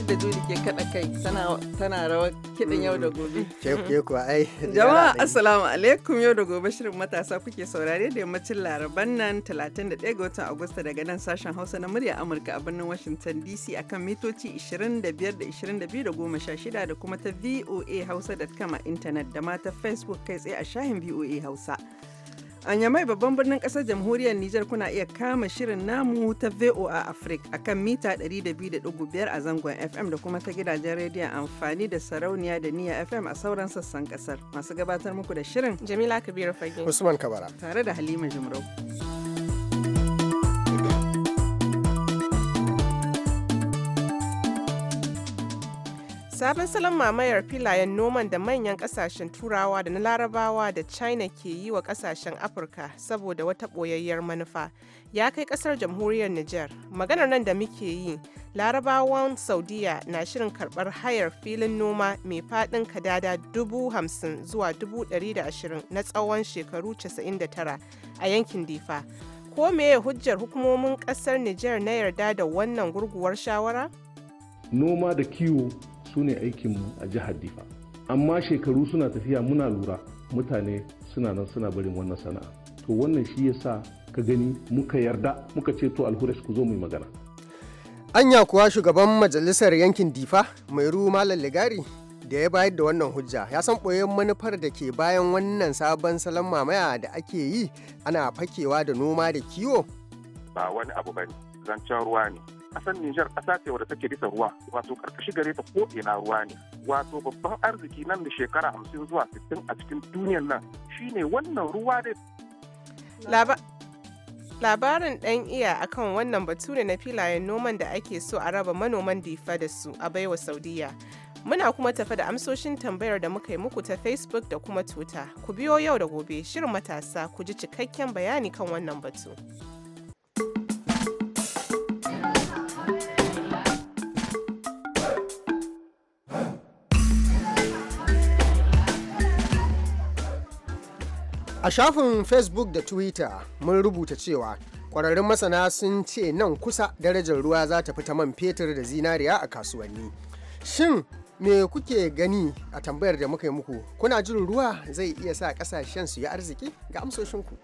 yadda Juli ke kaɗa kai tana rawar kiɗin yau da mm. gobe. Ke kuwa ai. Jama'a Assalamu alaikum yau da gobe shirin matasa kuke saurare da yammacin laraban nan 31 ga watan Agusta daga nan sashen Hausa na murya Amurka a birnin Washington DC akan mitoci 25 da 22 da 16 da kuma ta VOA Hausa.com a intanet da ma ta Facebook kai tsaye a shahin VOA Hausa. A Nyamai babban birnin ƙasar jamhuriyar Nijar kuna iya kama shirin namu ta VOA Africa a kan mita 200.5 a zangon FM da kuma ta gidajen rediyon amfani da sarauniya da niya FM a sauran sassan kasar Masu gabatar muku da shirin Jamila Kabiru Fage. Usman Kabara. Tare da Halima Jumrau. sabon salon mamayar filayen noman da manyan kasashen turawa da na larabawa da china ke yi wa kasashen afirka saboda wata ɓoyayyar manufa ya kai kasar jamhuriyar niger maganar nan da muke yi larabawan saudiya na shirin karɓar hayar filin noma mai faɗin kadada dubu hamsin zuwa dubu ɗari da ashirin na tsawon shekaru casa'in da tara a yankin difa ko meye hujjar hukumomin kasar niger na yarda da wannan gurguwar shawara noma da kiwo su ne aikinmu a jihar difa amma shekaru suna tafiya muna lura mutane suna nan suna barin wannan sana'a to wannan shi ya sa ka gani muka yarda muka ce to alhuresh ku zo mu yi magana anya kuwa shugaban majalisar yankin difa mai ru malam ligari da ya bayar da wannan hujja ya san ɓoyen manufar da ke bayan wannan sabon salon mamaya da ake yi ana fakewa da noma da kiwo ba wani abu bane zancen ruwa ne ƙasar Nijar ƙasa ce wadda take bisa ruwa wato karkashi gare ta ko ina ruwa ne wato babban arziki nan da shekara hamsin zuwa sittin a cikin duniyar nan shine wannan ruwa dai. Labarin ɗan iya akan wannan batu ne na filayen noman da ake so a raba manoman difa da su a baiwa Saudiya. Muna kuma tafa da amsoshin tambayar da muka yi muku ta Facebook da kuma Twitter. Ku biyo yau da gobe shirin matasa ku ji cikakken bayani kan wannan batu. A shafin Facebook da Twitter mun rubuta cewa kwararrun masana sun ce nan kusa darajar ruwa za ta fita man fetur da zinariya a kasuwanni. Shin me kuke gani a tambayar da muka yi muku kuna jin ruwa zai iya sa ƙasashen su yi arziki ga amsoshinku.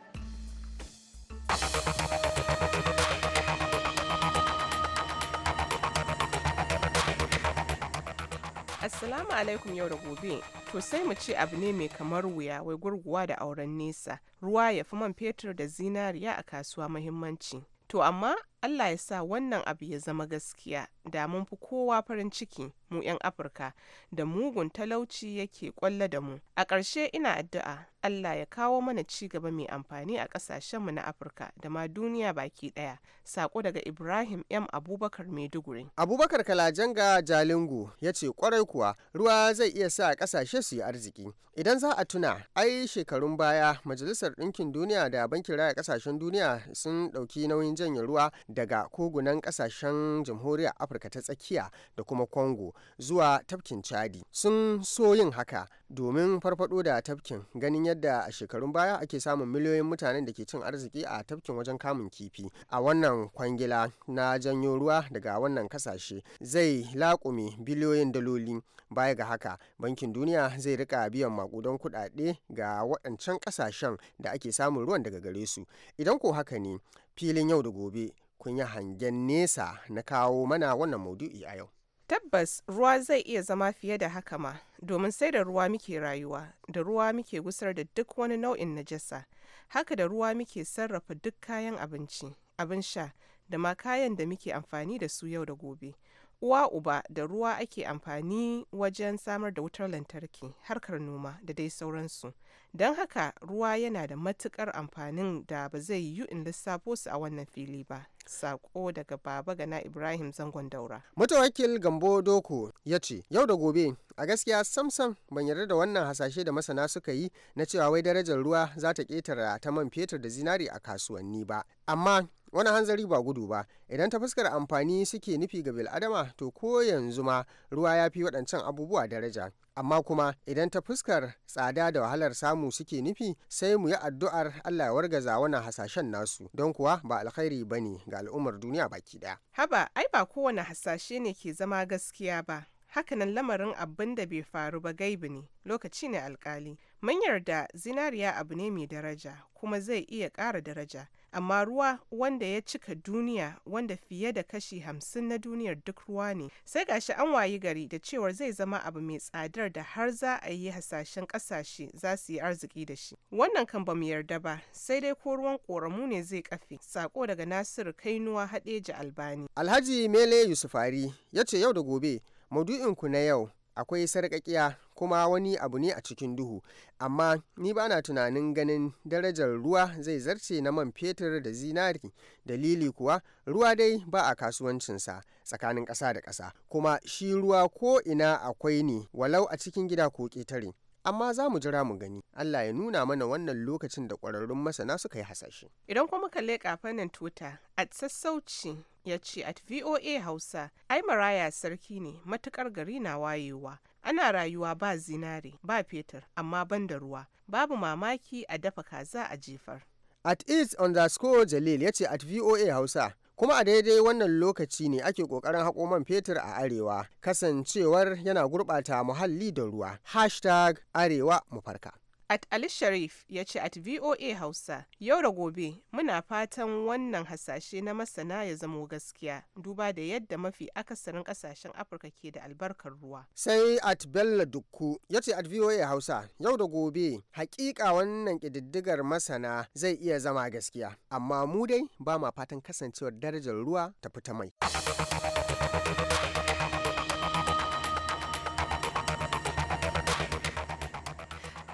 Assalamu alaikum yau da gobe. To sai mu ce abu ne mai kamar wuya wai gurguwa da auren nesa. Ruwa ya fi man fetur da zinariya a kasuwa muhimmanci. To amma Allah ya sa wannan abu ya zama gaskiya da mun fi kowa farin ciki mu 'yan Afirka da mugun talauci yake kwalla da mu. A ƙarshe ina addu'a Allah ya kawo mana ci gaba mai amfani a ƙasashenmu na Afirka da ma duniya baki ɗaya. Sako daga Ibrahim M. Abubakar Maiduguri. Abubakar Kalajanga Jalingo ya ce kwarai kuwa ruwa zai iya sa ƙasashe su yi arziki. Idan za a tuna, ai shekarun baya Majalisar Ɗinkin Duniya da Bankin Raya kasashen Duniya sun ɗauki nauyin janye ruwa daga kogunan ƙasashen Jamhuriyar Afirka ta Tsakiya da kuma Congo zuwa tafkin Chadi. Sun so yin haka domin farfado da tafkin ganin yadda yadda a shekarun baya ake samun miliyoyin mutanen da ke cin arziki a tafkin wajen kamun kifi a wannan kwangila na janyo ruwa daga wannan kasashe zai laƙumi biliyoyin daloli baya ga haka bankin duniya zai rika biyan makudan kuɗaɗe ga waɗancan ƙasashen da ake samun ruwan daga gare su idan ko haka ne filin yau da gobe kun yi hangen nesa na kawo mana wannan maudu'i a yau Tabbas ruwa zai iya zama fiye da haka ma, domin sai da ruwa muke rayuwa, da ruwa muke gusar da duk wani nau'in najasa, haka da ruwa muke sarrafa duk kayan abinci, abin sha, da ma kayan da muke amfani da su yau da gobe. Uwa uba da ruwa ake amfani wajen samar da wutar lantarki, harkar noma da dai sauransu. Don haka ruwa yana da matukar amfanin da ba zai yiwu in lissafo su a wannan fili ba. Sako daga Baba Gana Ibrahim Zangon Daura. Matawakil Gambo Doko ya ce, Yau da gobe, a gaskiya samsam ban yarda da wannan hasashe da masana suka yi na cewa wai darajar ruwa za ta ƙetare ta man fetur da zinari a kasuwanni ba. Amma wani hanzari ba gudu ba idan ta fuskar amfani suke nufi ga bil'adama to ko yanzu ma ruwa ya fi waɗancan abubuwa daraja amma kuma idan ta fuskar tsada da wahalar samu suke nufi sai mu yi addu'ar Allah ya wargaza wannan hasashen nasu don kuwa ba alkhairi ba ne ga al'ummar duniya baki daya. Haba ai ba kowane hasashe ne ke zama gaskiya ba. Hakanan lamarin abin da bai faru ba gaibi ne lokaci ne alkali. Mun yarda zinariya abu ne mai daraja kuma zai iya ƙara daraja. amma ruwa wanda ya cika duniya wanda fiye da kashi hamsin na duniyar duk ruwa ne sai gashi an wayi gari da cewar zai zama abu mai tsadar da har za a yi hasashen kasashe za su yi arziki da shi wannan kan bamu yarda ba sai dai ko ruwan koramu ne zai kafe sako daga nasiru kainuwa haɗeji albani alhaji mele yusufari ya ce yau da gobe maudu'inku na yau akwai sarƙaƙiya kuma wani abu ne a cikin duhu amma ni ba na tunanin ganin darajar ruwa zai zarce na man fetur da zinari dalili kuwa ruwa dai ba a kasuwancinsa tsakanin ƙasa da ƙasa kuma shi ruwa ko ina akwai ne walau a cikin gida ko ƙetare amma za mu jira mu gani Allah ya nuna mana wannan lokacin da ƙwararrun masana suka yi hasashe. Idan kuma kalle kafanin fannin tuta a sassauci ya ce at VOA Hausa ai maraya sarki ne matukar gari na wayewa ana rayuwa ba zinare ba fetur amma ban da ruwa babu mamaki a dafa kaza a jefar. At is underscore Jalil ya ce at VOA Hausa kuma a daidai wannan lokaci ne ake kokarin haƙo man fetur a arewa kasancewar yana gurɓata muhalli da ruwa hashtag arewa mu farka At Ali Sharif ya ce at VOA Hausa, yau da gobe muna fatan wannan hasashe na masana ya zamo gaskiya duba da yadda mafi akasarin kasashen Afirka ke da albarkar ruwa. Sai at Bello Dukku ya ce at VOA Hausa, yau da gobe hakika wannan ƙididdigar masana zai iya zama gaskiya, amma mu dai ba ma fatan kasancewar darajar ruwa ta fita mai.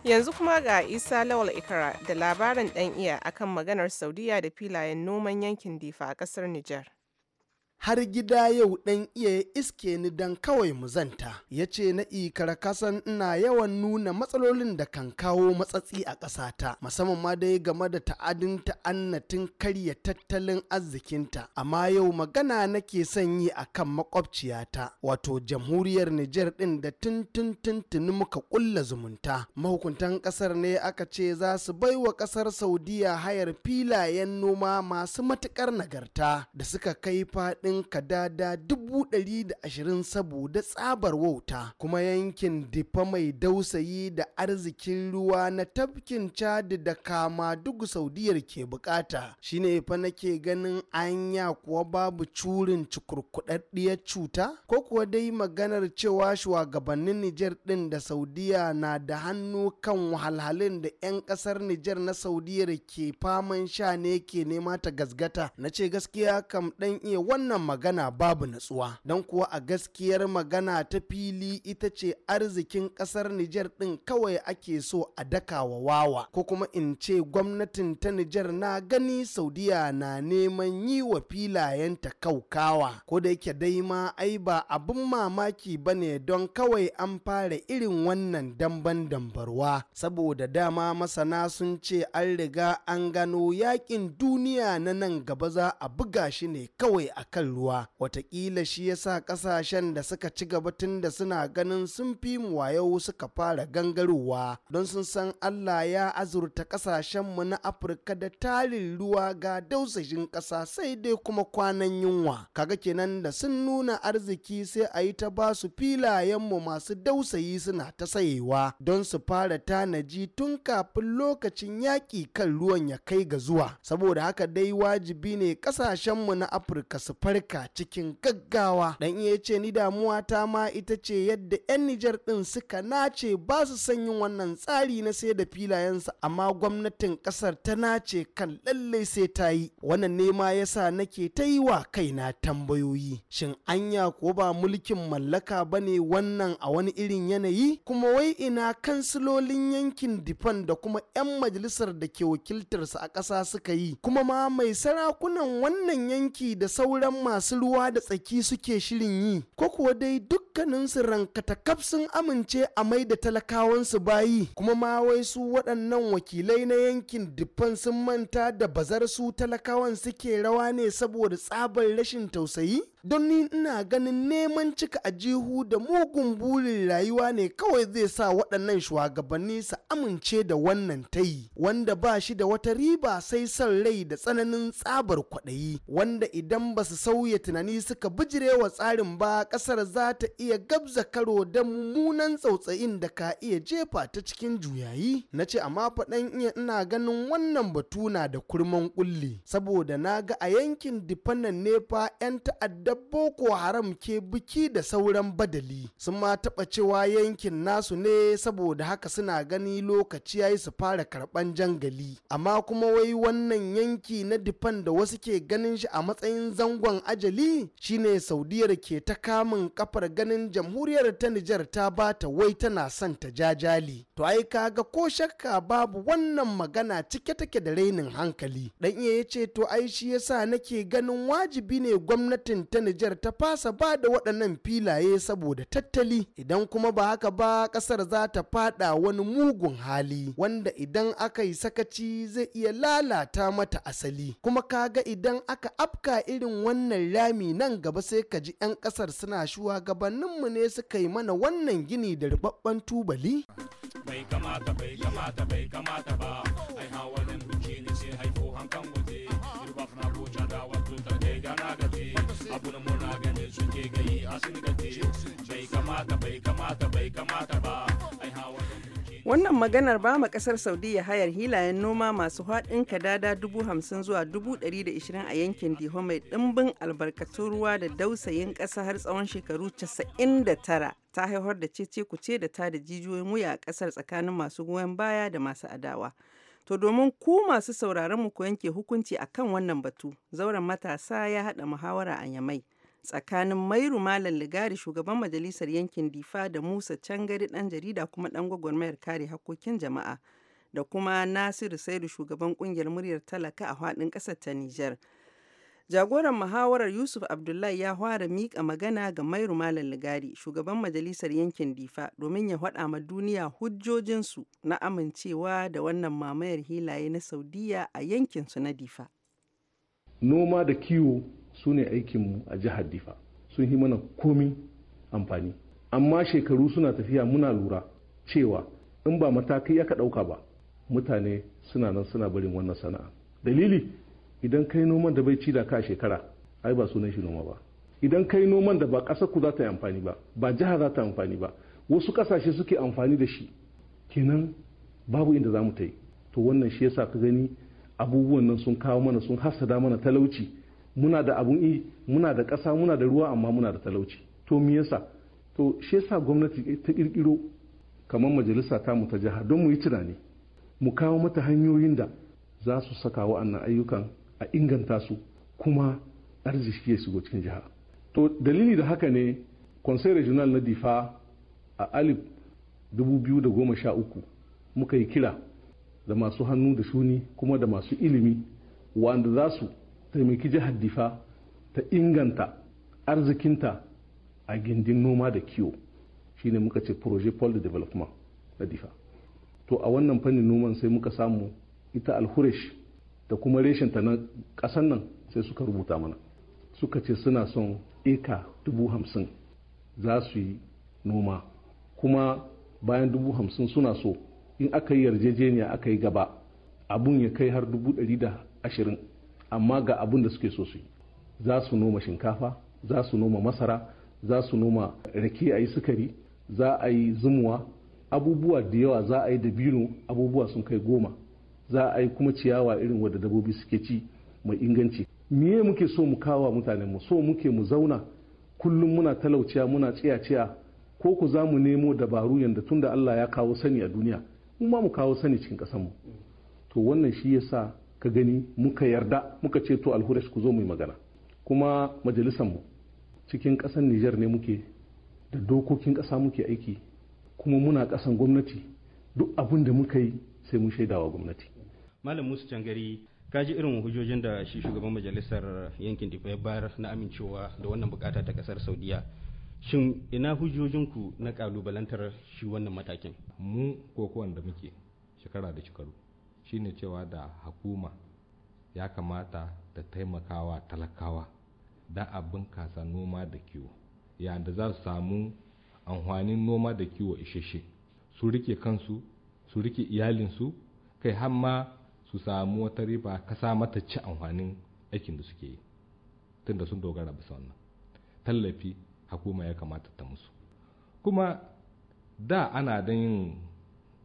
Yanzu kuma ga Isa Lawal Ikara da labarin dan iya akan maganar Saudiya da filayen noman yankin Difa a kasar Nijar. har gida yau ɗan iya ya iske ni dan kawai mu zanta ya ce na ikara kasan ina yawan nuna matsalolin da kan kawo matsatsi a ƙasata musamman ma dai game da ta'adin ta'annatin karya tattalin arzikinta amma yau magana nake son yi a kan makwabciyata wato jamhuriyar Nijar ɗin da tun muka ƙulla zumunta mahukuntan ƙasar ne aka ce za su wa ƙasar saudiya hayar filayen noma masu matuƙar nagarta da suka kai faɗin tsakanin kadada dubu ɗari da ashirin saboda tsabar wauta kuma yankin difa mai dausayi da arzikin ruwa na tafkin chad da kama duk saudiyar ke bukata shine fa nake ganin anya kuwa babu curin cukurkuɗaɗɗiyar cuta ko kuwa dai maganar cewa shugabannin nijar ɗin da saudiya na da hannu kan wahalhalun da 'yan ƙasar nijar na saudiyar ke faman sha ne ke nema ta gasgata na ce gaskiya kam ɗan iya wannan magana babu natsuwa don kuwa a gaskiyar magana ta fili ita ce arzikin ƙasar Nijar ɗin kawai ake so a dakawa wawa ko kuma in ce gwamnatin ta Nijar na gani Saudiya na neman yi wa filayen filayenta kaukawa ko da yake dai ma ai ba abin mamaki ba ne don kawai an fara irin wannan damban dambarwa saboda dama masana sun ce an riga an gano yakin duniya na nan gaba za a buga shi ne kawai a akan ruwa watakila shi ya sa kasashen da suka ci gaba tun da suna ganin sun fi mu wayo suka fara gangarowa don sun san Allah ya azurta mu na Afirka da tarin ruwa ga dausashin ƙasa sai dai kuma kwanan yunwa kaga kenan da sun nuna arziki sai a yi ta ba su mu masu dausayi suna ta sayewa don su fara tanaji tun kafin lokacin yaƙi kan ruwan ya kai ga zuwa saboda haka dai wajibi ne mu na Afirka su farka Amurka cikin gaggawa. Dan iya ce ni damuwa ta ma ita ce yadda 'yan Nijar ɗin suka nace ba su san yin wannan tsari na sai da filayensa amma gwamnatin ƙasar ta nace kan lallai sai ta yi. Wannan nema sa nake ta yi wa kaina tambayoyi. Shin anya ko ba mulkin mallaka ba ne wannan a wani irin yanayi? Kuma wai ina kansilolin yankin Difan da kuma 'yan majalisar da ke wakiltarsa a ƙasa suka yi. Kuma ma mai sarakunan wannan yanki da sauran masu ruwa da tsaki suke shirin yi ko kuwa dai duk dukkaninsu rankatakaf sun amince a mai da talakawansu bayi kuma ma wai su waɗannan wakilai na yankin dufan sun manta da bazar su talakawan suke rawa ne saboda tsabar rashin tausayi don ni ina ganin neman cika ajihu da mugun burin rayuwa ne kawai zai sa waɗannan shugabanni su amince da wannan tayi wanda ba shi da wata riba sai son rai da tsananin tsabar kwaɗayi wanda idan ba su sauya tunani suka bijirewa tsarin ba ƙasar za ta iya gabza karo da mummunan tsautsayin da ka iya jefa ta cikin juyayi na ce amma faɗan iya ina ganin wannan batu na da kurman kulli saboda na ga a yankin dipanan ne 'yan ta'adda boko haram ke biki da sauran badali sun ma taɓa cewa yankin nasu ne saboda haka suna gani lokaci ya yi su fara karɓan jangali amma kuma wai wannan yanki na difan da wasu ke ganin shi a matsayin zangon ajali shine saudiyar ke ta kamun kafar ganin ganin jamhuriyar ta Nijar ta ba ta wai tana son ta jajali. To ai kaga ko shakka babu wannan magana cike take da rainin hankali. Dan iya ya ce to ai shi yasa nake ganin wajibi ne gwamnatin ta Nijar ta fasa ba da waɗannan filaye saboda tattali. Idan kuma ba haka ba ƙasar za ta fada wani mugun hali wanda idan aka yi sakaci zai iya lalata mata asali. Kuma kaga idan aka afka irin wannan rami nan gaba sai ka ji 'yan ƙasar suna shugabannin shugabanninmu ne suka yi mana wannan gini da ribabban tubali bai kamata bai kamata bai kamata ba ai hawalin duki ne sai haifo hankan waje ribab na gocha da wato ta dai gana gaje abun muna ganin suke gayi a sun gaje bai kamata bai kamata bai kamata ba Wannan maganar ba ma kasar Saudiya hayar hilayen noma masu haɗin kadada dubu hamsin zuwa dubu ɗari da ishirin a yankin Diho mai ɗimbin albarkatun ruwa da dausayin ƙasa har tsawon shekaru casa'in da tara ta haihuwar da cece kuce da ta da jijiyoyin wuya a ƙasar tsakanin masu goyon baya da masu adawa. To domin ku masu sauraron mu ku yanke hukunci akan wannan batu, zauren matasa ya haɗa muhawara a Yamai. tsakanin Mairu Malam Ligari shugaban majalisar yankin Difa da Musa Cangari dan jarida kuma dan gwagwarmayar kare hakkokin jama'a da kuma Nasiru Saidu shugaban ƙungiyar muryar talaka a fadin ƙasar ta Nijar. Jagoran muhawarar Yusuf Abdullahi ya fara mika magana ga Mairu Malam Ligari, shugaban majalisar yankin Difa, domin ya faɗa ma duniya hujjojinsu na amincewa da wannan mamayar hilaye na Saudiya a yankinsu na Difa. Noma da kiwo su ne aikinmu a jihar difa sun yi mana komi amfani amma shekaru suna tafiya muna lura cewa in ba matakai ya ka ɗauka ba mutane suna nan suna barin wannan sana'a dalili idan kai noman da bai ci da ka shekara ai ba sunan shi noma ba idan kai noman da ba ƙasar ku za ta yi amfani ba ba jiha za ta amfani ba wasu ƙasashe suke amfani da shi kenan babu inda za mu ta yi to wannan shi yasa ka gani abubuwan nan sun kawo mana sun hasada mana talauci muna da abun yi muna da ƙasa muna da ruwa amma muna da talauci to me yasa to shi yasa gwamnati ta ƙirƙiro kamar majalisa ta mu ta jiha don mu yi tunani mu kawo mata hanyoyin da za su saka wa'annan ayyukan a inganta su kuma arziki ya shigo cikin jiha to dalili da haka ne conseil regional na difa a alif 2013 muka yi kira da masu hannu da shuni kuma da masu ilimi wanda za su taimaki jihar difa ta inganta arzikinta a gindin noma da kiwo shine muka ce projet paul development na difa to a wannan fannin noman sai muka samu ita alhuresh da kuma reshen ta na kasan nan sai suka rubuta mana suka ce suna son eka dubu hamsin za su yi noma kuma bayan dubu hamsin suna so in aka yi yarjejeniya aka yi gaba abun ya kai har dubu ɗari da ashirin amma ga abin da suke so su yi za su noma shinkafa za su noma masara za su noma rake a yi sukari za a yi zumuwa abubuwa da yawa za a yi dabino abubuwa sun kai goma za a yi kuma ciyawa irin wadda dabobi suke ci mai inganci miye muke so mu kawo mutanen mu so muke mu zauna kullum muna talauciya muna tsiya-tsiya ko ku za mu nemo dabaru yadda tunda Allah ya kawo sani a duniya mu ma mu kawo sani cikin mu to wannan shi yasa ka gani muka yarda muka ce to alhuresh ku zo mu yi magana kuma majalisanmu cikin ƙasar Nijar ne muke da dokokin ƙasa muke aiki kuma muna ƙasan gwamnati duk abin da muka yi sai mun shaidawa gwamnati. Malam Musu Cangari ka ji irin hujjojin da shi shugaban majalisar yankin Difa ya bayar na amincewa da wannan bukata ta ƙasar Saudiya. Shin ina hujjojinku na kalubalantar shi wannan matakin? Mu ko da muke shekara da shekaru shine cewa da hukuma ya kamata ta taimakawa talakawa da abin kasa noma da kiwo yadda za su samu amfanin noma da kiwo isheshe su rike kansu su rike iyalinsu kai har ma su samu wata riba kasa mata ci amfanin aikin da suke yi tunda sun dogara bisa wannan tallafi hakuma ya kamata ta musu kuma da ana da yin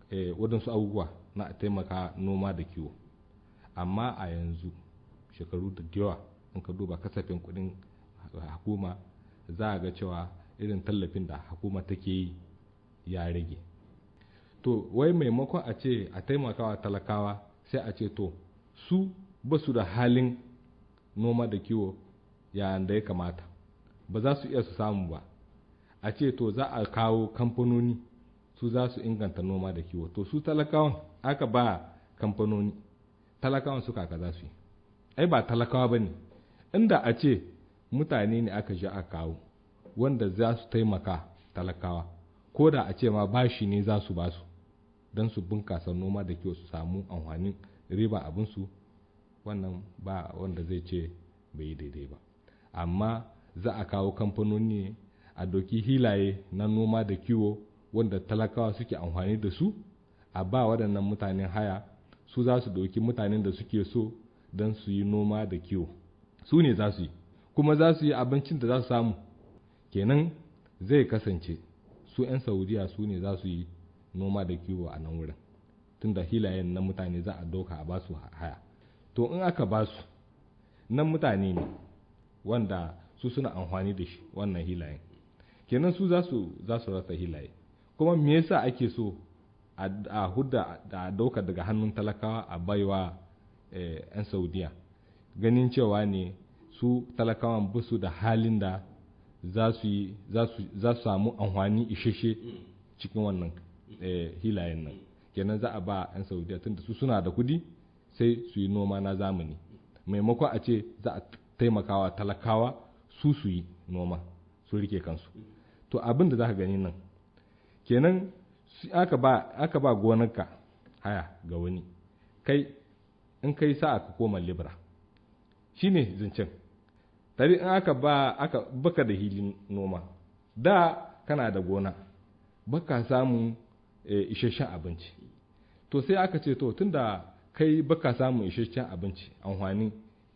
eh, waɗansu abubuwa na a taimaka noma da kiwo amma a yanzu shekaru da yawa in ka duba kasafin kudin hukuma za a ga cewa irin tallafin da hukuma take yi ya rage to wai maimakon a ce a taimakawa talakawa sai a ce to su ba su da halin noma da kiwo yayin da ya kamata ba za su iya su samu ba a ce to za a kawo kamfanoni su za su inganta noma da kiwo to su talakawan aka ba kamfanoni talakawan suka ka za su yi ai ba talakawa ba ne inda a ce mutane ne aka ji a kawo wanda za su taimaka talakawa ko da a ce ma bashi ne za su basu don su bunkasa noma da kiwo su samu amfanin riba abinsu wannan ba wanda zai ce bai yi daidai ba amma za a kawo kamfanoni a doki hilaye na noma da kiwo wanda talakawa suke amfani da su a ba waɗannan mutanen haya su za su ɗauki mutanen da suke so don su yi noma da kiwo su ne za su yi kuma za su yi abincin da za su samu kenan zai kasance su 'yan saudiya su ne za su yi noma da kiwo a nan wurin tunda hilayen na mutane za a doka a basu haya to in aka basu nan mutane ne wanda su suna amfani da shi wannan hilayen kenan su za su rasa hilaye kuma me yasa ake so a hudda da ɗauka daga hannun talakawa a baiwa eh, 'yan saudiya ganin cewa ne su talakawan ba su da halin da za su samu amfani isheshe cikin wannan eh, hilayen nan kenan za a ba 'yan saudiya tunda su suna da kudi sai su yi noma na zamani maimakon a ce za a taimakawa talakawa su su yi noma su rike kansu to abin da za ka gani nan kenan aka ba gonarka haya ga wani kai in kai sa'a ka koma libra shi ne zancen tare in aka ba aka baka da hilin noma da kana da gona baka samun eh, isasshen abinci to sai aka ce to tunda kai baka samun isasshen abinci amfani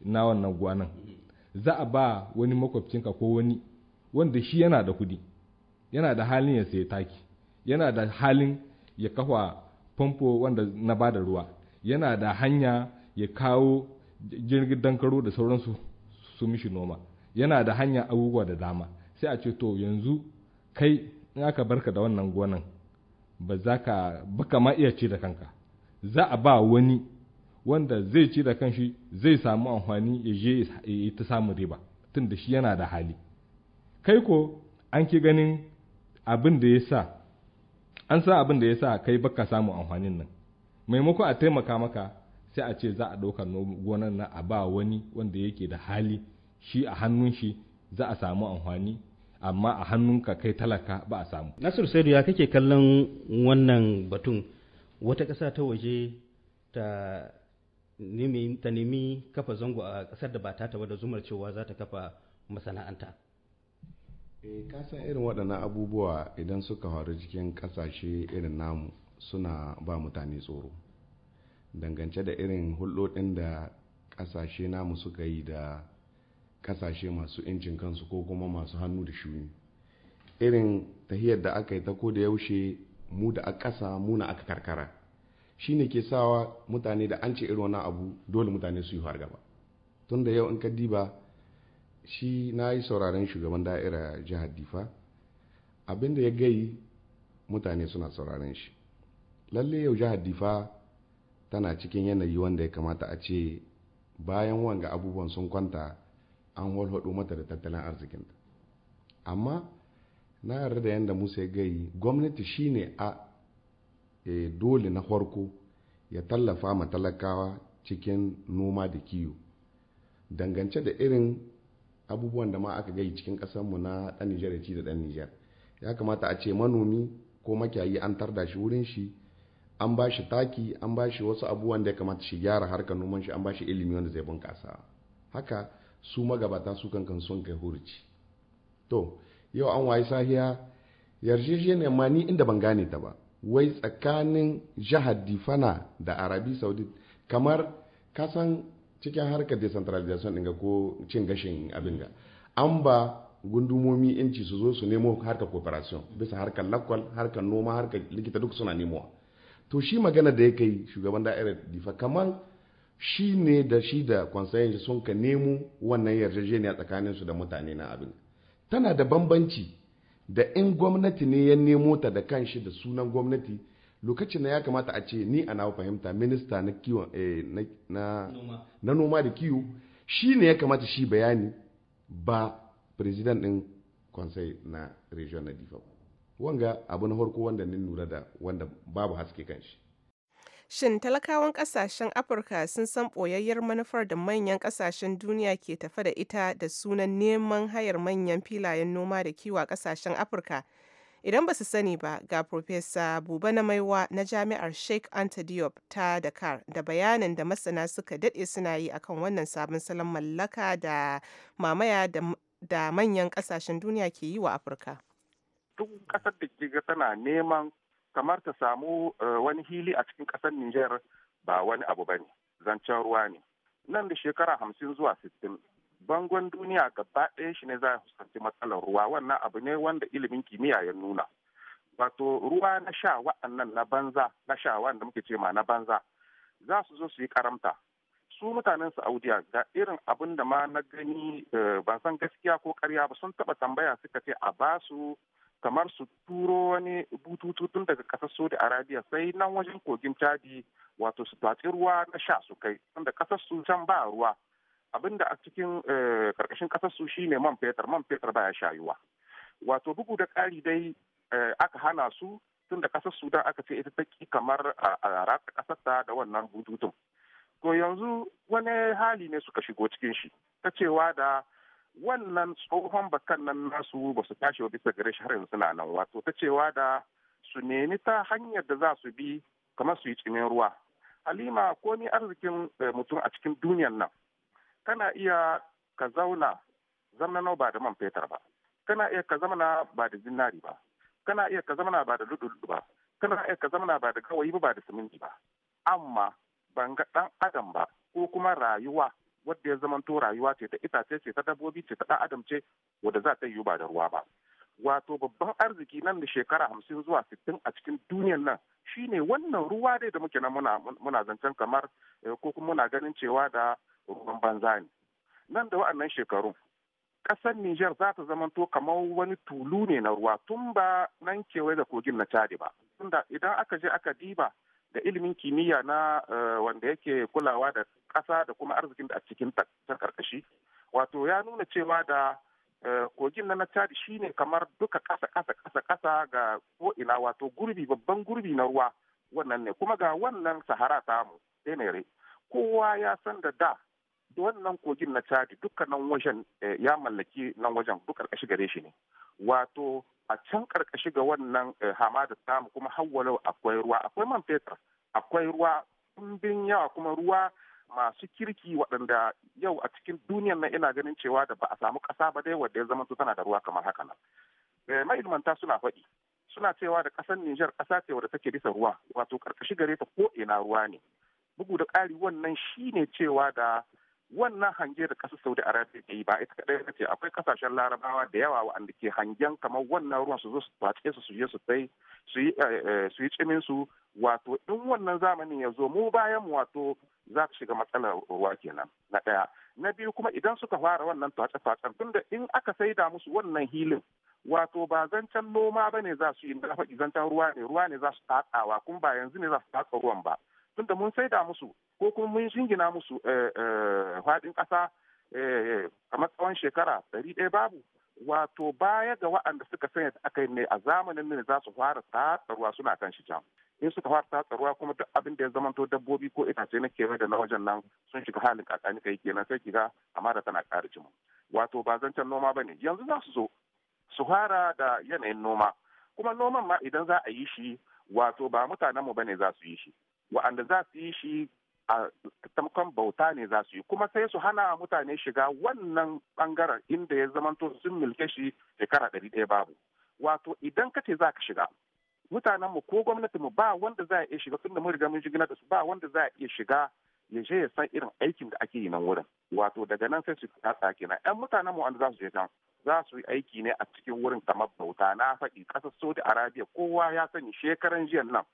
na wannan gwanan za a ba wani makwabcinka ko wani wanda shi yana da kudi yana da halin ya sayi taki yana da halin ya kafa famfo wanda na ba da ruwa yana da hanya ya kawo jirgin dankaro da sauransu su mishi noma yana da hanya abubuwa da dama sai a ce to yanzu kai in aka barka da wannan gonan ba za ka baka ma iya ci da kanka za a ba wani wanda zai ci da kanshi zai samu amfani ya je ya ta samu riba tun da shi yana da hali kai ko an ki ganin abin da ya sa an san abin da ya sa kai baka samu amfanin nan maimako a taimaka maka sai a ce za a ɗaukar gonar na a ba wani wanda yake da hali shi a hannun shi za a samu amfani amma a hannun ka kai talaka ba a samu nasiru saidu ya kake kallon wannan batun wata ƙasa ta waje ta nemi kafa zango a ƙasar da ba ta taɓa da zumar cewa za ta kafa masana'anta eh kasan irin waɗannan abubuwa idan suka faru cikin ƙasashe irin namu suna ba mutane tsoro dangance da irin hulɗoɗin da ƙasashe namu suka yi da ƙasashe masu incin kansu ko kuma masu hannu da shuni irin tahiyar da aka yi ta ko da yaushe mu da a ƙasa mu aka karkara shi ne ke sawa mutane da an ce irin wani abu dole mutane su yi fargaba, tun da yau in ka diba shi na yi sauraron shugaban da'ira jihar difa abinda ya gai mutane suna sauraron shi lalle yau jihar difa tana cikin yanayi wanda ya kamata a ce bayan wanga abubuwan sun kwanta an walhado mata da tattalin arzikinta amma na yarda da yadda musa ya gai gwamnati shine a e, dole na farko ya tallafa ma talakawa cikin noma da kiwo dangance da irin abubuwan da ma aka gai cikin mu na ɗan Nijar ya ci da ɗan Nijar ya kamata a ce manomi ko makiyayi an tarda shi wurin shi an ba shi taki an ba shi wasu abubuwan da ya kamata shi gyara harkar noman shi an ba shi ilimi wanda zai bunƙasa haka su magabata su kankan sun kai hurci to yau an wayi sahiya yarjejeniyar ma ni inda ban gane ta ba wai tsakanin jihar difana da arabi saudi kamar kasan cikin harkar decentralization ɗin ga ko cin gashin abin ga an ba gundumomi inci su zo su nemo harkar cooperation bisa harkar lakwal harkar noma harkar likita duk suna nemo. to shi magana da ya kai shugaban da'irar difa kamar shi ne da shi da kwansayen sun ka nemo wannan yarjejeniya tsakanin su da mutane na abin tana da bambanci da in gwamnati ne ya nemo ta da kanshi da sunan gwamnati lokacin na ya kamata a ce ni a na fahimta minista na kiwon eh, na noma da kiwo shi ne ya kamata shi bayani ba president din konsai na region na difa wanga abu na farko wanda nin lura da wanda babu haske kan shi shin talakawan kasashen afirka sun san boyayyar manufar da manyan kasashen duniya ke tafa da ita da sunan neman hayar manyan filayen noma da kiwo a kasashen afirka Idan ba su sani ba ga Profesa Buba na Maiwa na Jami'ar Sheikh Anta Diop ta Dakar da bayanin da masana suka daɗe suna yi akan wannan sabon salon mallaka da mamaya da manyan ƙasashen duniya ke yi wa Afirka. Duk ƙasar da ke tana neman kamar ta samu eh, wani hili a cikin ƙasar Nijar ba wani abu ba ne, zancen ruwa ne. Nan da shekara hamsin zuwa sittin bangon duniya gaba ɗaya shi ne za a fuskanci matsalar ruwa wannan abu ne wanda ilimin kimiyya ya nuna wato ruwa na sha wa'annan na banza na sha wanda muke ce ma na banza za su zo su yi karamta su mutanen saudiya ga irin abin da ma na gani eh, Ba san gaskiya ko karya ba sun taba tambaya suka ce a ba su kamar su turo wani bututu tun daga kasar saudi arabia sai nan wajen kogin chadi wato su tatsi ruwa na sha su kai tunda kasar su can ba ruwa abin da a cikin karkashin eh, kasar su shine man fetur man fetur baya shayuwa wato bugu da ƙari dai eh, aka hana su tun da kasar sudan aka ce ita ta take kamar a rata kasar ta da wannan bututun to yanzu wani hali ne suka shigo cikin shi ta cewa da wannan tsohon bakan nan nasu ba su tashi bisa gare shi har yanzu suna nan wato ta cewa da su nemi ta hanyar da za su bi kamar su yi cimin ruwa halima ko ni arzikin eh, mutum a cikin duniyan nan kana iya ka zauna zamana ba da man fetur ba kana iya ka zamana ba da zinari ba kana iya ka zamana ba da ludu ba kana iya ka zamana ba da gawayi ba da siminti ba amma ban ga dan adam ba ko kuma rayuwa wadda ya zamanto rayuwa ce ta itace ce ta dabbobi ce ta dan adam ce wadda za ta yi ba da ruwa ba wato babban arziki nan da shekara hamsin zuwa sittin a cikin duniyar nan shine wannan ruwa dai da muke nan muna zancen kamar eh, ko kuma muna ganin cewa da ruwan banza ne nan da wa'annan shekarun ƙasar Nijar za ta zamanto kamar wani tulu ne na ruwa tun ba nan kewaye da kogin na Chadi ba. Tunda idan aka je aka diba da ilimin kimiyya na eh, wanda yake kulawa da kasa da kuma arzikin da a cikin ta karkashi wato ya nuna cewa da eh, kogin na Chadi shine kamar duka ƙasa ƙasa ƙasa ƙasa ga ko ko'ina wato gurbi babban gurbi na ruwa wannan ne kuma ga wannan sahara tamu denere kowa ya san da da wannan kogin na chadi dukkanin wajen eh, ya mallaki nan wajen duk karkashi gare shi ne wato a can karkashi ga wannan eh, hamada tamu kuma hawwalau akwai ruwa akwai man fetur akwai ruwa kumbin yawa kuma ruwa masu kirki waɗanda yau a cikin duniyar nan ina ganin cewa da ba a samu ƙasa ba dai wadda ya zama tana da ruwa kamar haka nan eh, ma'ilmanta suna faɗi suna cewa da ƙasar Nijar ƙasa ce wadda take bisa ruwa wato karkashi gare ta ko ina ruwa ne bugu da ƙari wannan shine cewa da wannan hange da kasar saudi arabia ke yi ba ita kadai ce akwai kasashen larabawa da yawa wa'anda ke hangen kamar wannan ruwan su zo su kwace su su je su sai su yi ciminsu eh, eh, wato in wannan zamanin ya zo mu bayan wato za ka shiga matsalar ruwa kenan na ɗaya na biyu kuma idan suka fara wannan tace-tacen tunda in aka saida musu wannan hilin wato ba zancen noma ba ne za su yi na zancen ruwa ne ruwa ne za su tatsawa kuma ba yanzu ne za su tatsa ruwan ba tunda mun saida musu ko kuma mun jingina musu eh, eh, faɗin ƙasa eh, kamar tsawon shekara ɗari ɗaya babu wato baya ga waɗanda suka sanya da aka yi ne a zamanin ne za su fara tatsaruwa suna kan shi jam in suka fara tatsaruwa kuma duk abin da ya zama to dabbobi ko itace na kewaye da na wajen nan sun shiga halin kakani kai kenan sai kiga amma da tana ƙara jimu wato ba zancen noma ba ne yanzu za su zo su fara da yanayin noma kuma noman ma idan za a yi shi wato ba mutanenmu ba ne za su yi shi waɗanda za su yi shi a tamkon bauta ne za su yi kuma sai su hana mutane shiga wannan bangaren inda ya zamanto sun milke shi shekara ɗari ɗaya babu wato idan ka ce za ka shiga mutanenmu ko gwamnati mu ba wanda za a iya shiga tunda mun riga mun jigina da su ba wanda za a iya shiga ya je ya san irin aikin da ake yi nan wurin wato daga nan sai su tsatsa kenan yan mutanen mu wanda za su je can za su yi aiki ne a cikin wurin kamar bauta na faɗi ƙasar saudi arabia kowa ya sani shekaran jiyan nan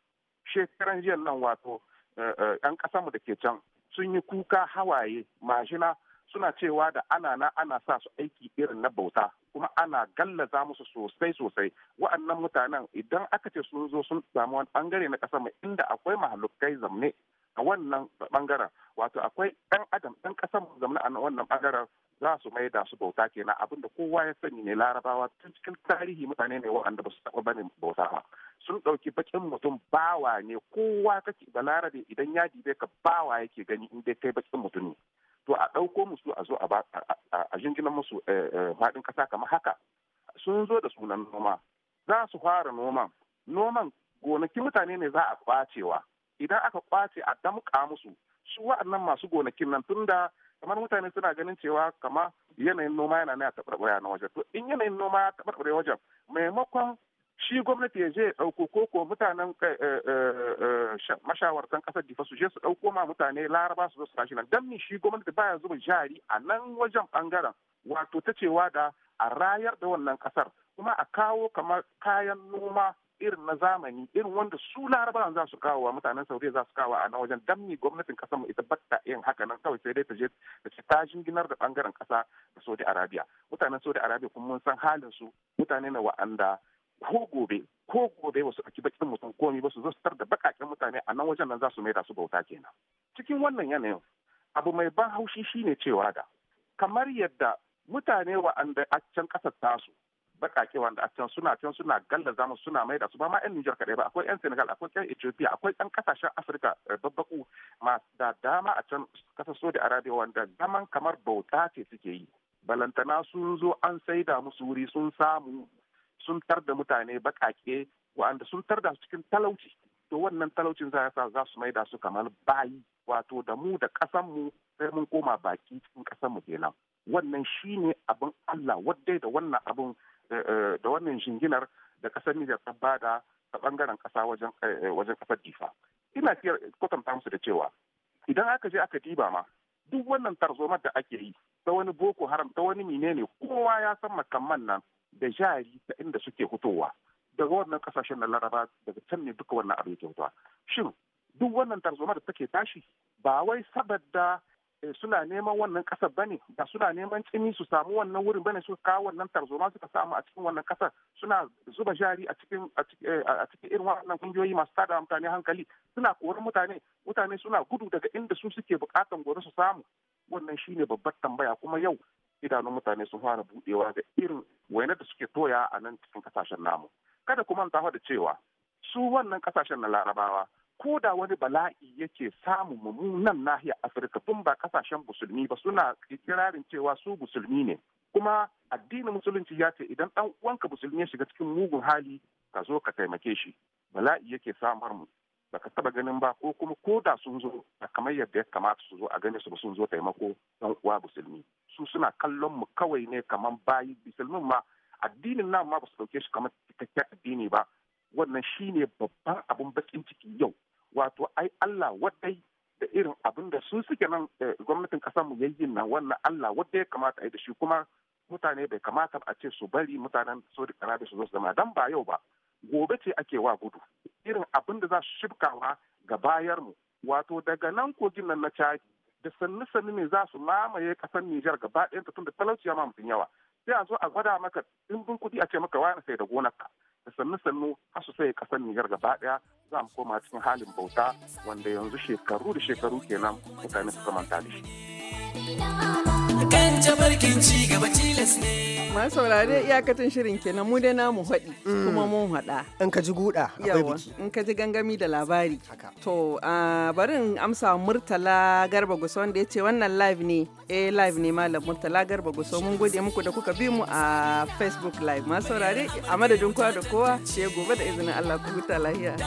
shekaran jiya nan wato yan eh, eh, mu da ke can sun yi kuka hawaye mashina suna cewa da ana na ana sa su aiki irin na bauta kuma ana gallaza musu sosai sosai wa'annan mutanen idan aka ce sun zo sun samu wani bangare na ƙasar mai inda akwai mahalukai zamne a wannan bangaren wato akwai ɗan adam ɗan ƙasar zamne a wannan bangaren za su mai da su bauta kenan abin da kowa ya sani ne larabawa tun cikin tarihi mutane ne waɗanda ba su taɓa bane bauta ba sun ɗauki bakin mutum bawa ne kowa kake larabe idan ya dibe ka bawa yake gani in dai kai bakin mutum ne to a ɗauko musu a zo a jinginan musu eh, eh, faɗin ƙasa kamar haka sun zo da sunan noma za su fara noman noman gonakin mutane ne za a kwacewa idan aka kwace a damƙa musu su wa'annan masu gonakin nan tunda kamar mutane suna ganin cewa kama yanayin noma yana na taɓarɓarewa na wajen to in yanayin noma ya taɓarɓare wajen maimakon shi gwamnati ya je ya ɗauko ko ko mutanen eh, eh, eh, mashawartan ƙasar difa su je su ɗauko ma mutane laraba su zo su tashi nan dan ni shi gwamnati baya zuba jari a nan wajen ɓangaren wato ta cewa da a rayar da wannan ƙasar kuma a kawo kamar kayan noma irin na zamani irin wanda su larabawan za su kawo wa mutanen saudiya za su kawo a nan wajen damni gwamnatin kasa mu ita bata yin haka nan kawai sai dai ta je ta ci ta jinginar da bangaren kasa da saudi arabia mutanen saudi arabia kuma mun san halin su mutane na wa'anda ko gobe ko gobe wasu ɗauki bakin mutum komi ba su zo da bakaken mutane a nan wajen nan za su maida su bauta kenan cikin wannan yanayin abu mai ban haushi shine cewa da kamar yadda mutane wa'anda a can kasar tasu bakake wanda a can suna can suna galla zamu suna mai da su ba ma yan Niger kadai ba akwai yan Senegal akwai yan Ethiopia akwai yan kasashen Afirka eh, babbaku ma da dama a can kasar Saudi Arabia wanda zaman kamar bauta ce suke yi balantana sun zo an saida musu wuri sun samu sun tar da mutane bakake wanda sun tar da su cikin talauci to wannan talaucin za sa za su maida su kamar bayi wato da mu da mu sai mun koma baki cikin mu kenan wannan shine abin Allah wadda da wannan abin Eh, eh, da wannan jinginar da kasar Nijar ta bada ta bangaren kasa wajen eh, wajen kasar Difa ina fiyar kwatanta musu da cewa idan aka je aka diba ma duk wannan tarzomar da ake yi ta wani boko haram ta wani menene kowa ya san makamman nan da jari ta inda suke hutowa daga wannan kasashen na laraba daga can ne duka wannan abu yake hutowa shin duk wannan tarzoma da take tashi ba wai saboda Eh, suna neman wannan kasar bane da suna neman tsini su samu wannan wurin bane su kawo wannan tarzoma suka samu a cikin wannan kasar suna zuba jari a cikin a eh, cikin irin wannan kungiyoyi masu tada mutane hankali suna korar mutane mutane suna gudu daga inda su suke bukatan gore su samu wannan shine babbar tambaya kuma yau idanun mutane sun fara budewa ga irin wainar da suke toya a nan cikin kasashen namu kada kuma ta da cewa su wannan kasashen na larabawa ko da wani bala'i yake samu mummunan nahiyar afirka tun ba kasashen musulmi ba suna kirarin cewa su musulmi ne kuma addinin musulunci ya ce idan dan uwanka musulmi ya shiga cikin mugun hali ka zo ka taimake shi bala'i yake samar mu ka taba ganin ba ko kuma ko da sun zo kamar yadda ya kamata su zo a gane su ba sun zo taimako dan uwa musulmi su suna kallon mu kawai ne kamar bayi musulmin ma addinin nan ma ba su dauke shi kamar cikakken addini ba wannan shine babban abun bakin ciki yau wato ai Allah wadai da irin abin da su suke nan eh, gwamnatin mu yayi nan wannan Allah wadai ya kamata a da shi kuma mutane bai kamata a ce su bari mutanen Saudi da su zo su zama dan ba yau ba gobe ce ake wa gudu irin abin da za su shibkawa ga bayar mu wato daga nan kogin nan na Chad da sannu sannu ne za su mamaye kasar Niger gaba ɗayan ta da talauciya ma mutum yawa sai a zo a gwada maka ɗimbin kuɗi a ce maka wani sai da gonarka da sannu-sannu har su sai kasar Nijar gaba daya za mu koma cikin halin bauta wanda yanzu shekaru da shekaru kenan mutane suka manta da shi. tabarkin Masu saurare iyakacin shirin kenan mu dai namu haɗi mm. kuma mun haɗa. In ka ji guda akwai biki. In ka ji gangami da labari. To bari in amsa Murtala Garba Guso wanda ya ce wannan live ne. Eh live ne malam Murtala Garba Guso mun gode muku da kuka bi mu a Facebook live. Masu a madadin kowa da kowa ce gobe da izinin Allah ku huta lahiya.